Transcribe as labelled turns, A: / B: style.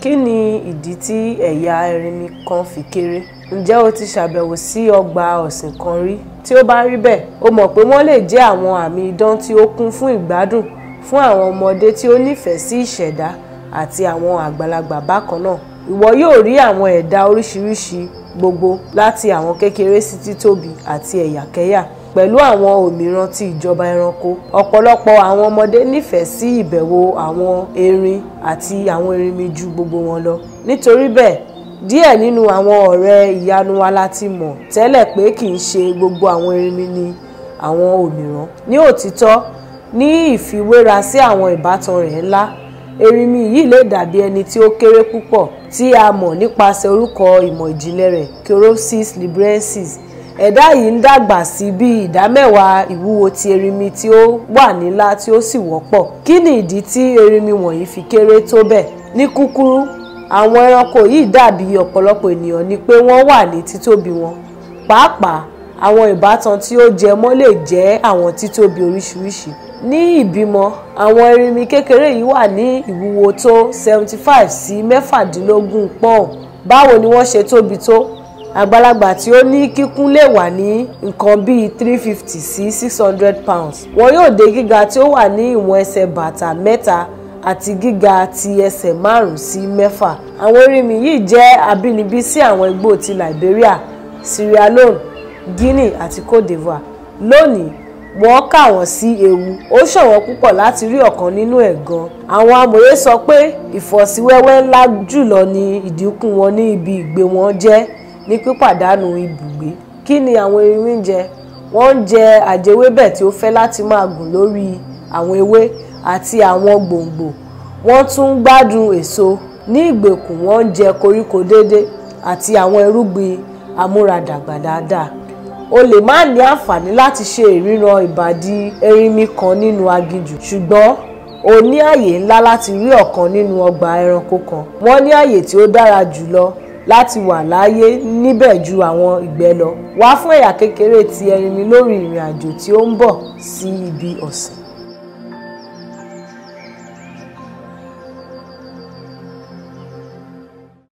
A: kí ni ìdí tí ẹ̀yà erinmi kan fi kéré? ǹjẹ́ o ti ṣàbẹ̀wò sí ọgbà ọ̀sìn kan rí? tí ó bá rí bẹ́ẹ̀ o mọ̀ pé wọ́n lè jẹ́ àwọn àmì idán tí ó kún fún ìgbádùn fún àwọn ọmọdé tí ó nífẹ̀ẹ́ sí ìṣẹ̀dá àti àwọn àgbàlagbà bákan náà ìwọ yóò rí àwọn ẹ̀dá oríṣiríṣi gbogbo láti àwọn kékeré sí títóbi àti ẹ̀yàkẹ́yà pẹ̀lú àwọn òmíràn ti ìjọba ẹranko ọ̀pọ̀lọpọ̀ àwọn ọmọdé nífẹ̀ẹ́ sí ìbẹ̀wò àwọn erin àti àwọn erinmi ju gbogbo wọn lọ nítorí bẹ́ẹ̀ díẹ̀ nínú àwọn ọ̀rẹ́ ìyanu wa la ti mọ̀ tẹ́lẹ̀ pé kì í ṣe gbogbo àwọn erinmi ni àwọn òmíràn ní òtítọ́ ní ìfiwéra sí àwọn ìbátan rẹ̀ ńlá erinmi yìí lè dàbí ẹni tí ó kéré púpọ̀ tí a mọ̀ nípasẹ̀ orúkọ ìmọ̀ ìjìnlẹ̀ rẹ̀ Chirosis librensis ẹ̀dá yìí ń dàgbà sí bí ìdá mẹ́wàá ìwúwo ti erinmi tí ó wà nílá tí ó sì wọ́pọ̀ kí ni ìdí tí erinmi wọ̀nyí fi kéré tó bẹ́ẹ̀ ní kúkúrú àwọn ẹranko yìí dàbí ọ̀pọ̀lọpọ̀ ènìyàn ni pé wọ́n wà ní títóbi wọn pàápàá àwọn ìbátan tí ó jẹ mọ́ lè jẹ́ àwọn títóbi oríṣiríṣi ní ìbímọ àwọn erinmi kékeré yìí wà ní ìwúwo tó seventy five sí mẹ́fàdínlógún pọ́ùn báwo ni wọ́n ṣe tóbi tó àgbàlagbà tí ó ní kíkún lè wà ní nǹkan bíi three fifty sí six hundred pounds wọn yóò dé gíga tí ó wà ní ìwọ̀n ẹsẹ̀ bàtà mẹ́ta àti gíga ti ẹsẹ̀ márùn-ún sí mẹ́fà àwọn erími yìí jẹ́ abínibí sí àwọn igbó ti Liberia Sierra Leone Guinea àti Cote d'Ivoire lónìí wọ́n kà wọ́n sí ewu ó ṣọ̀wọ́n púpọ̀ láti rí ọ̀kan nínú ẹ̀ gan. àwọn amòye sọ pé ìfọ̀síwẹ́wẹ́ ńlá jùlọ ni ìdínkù wọn ní ibi ìgbé wọn jẹ́ ní pípàdánù ibùgbé kí ni àwọn ewín ń jẹ wọ́n ń jẹ àjẹwébẹ̀ tí ó fẹ́ láti máa gùn lórí àwọn ewé àti àwọn gbòǹgbò wọ́n tún ń gbádùn èso ní ìgbèkùn wọ́n ń jẹ koríko déédé àti àwọn irúgbìn amúradàgbà dáadáa o lè má ní àǹfààní láti ṣe ìríran ìbàdí erinmi kan nínú aginjù ṣùgbọ́n o ní àyè ńlá láti rí ọ̀kan nínú ọgbà ẹranko kan wọ́n ní àyè tí ó dára jùlọ láti wà láàyè níbẹ̀ ju àwọn ìgbẹ́ lọ wá fún ẹ̀yà kékeré ti ẹrinmi lórí ìrìn àjò tí ó ń bọ̀ sí ibi ọ̀sìn.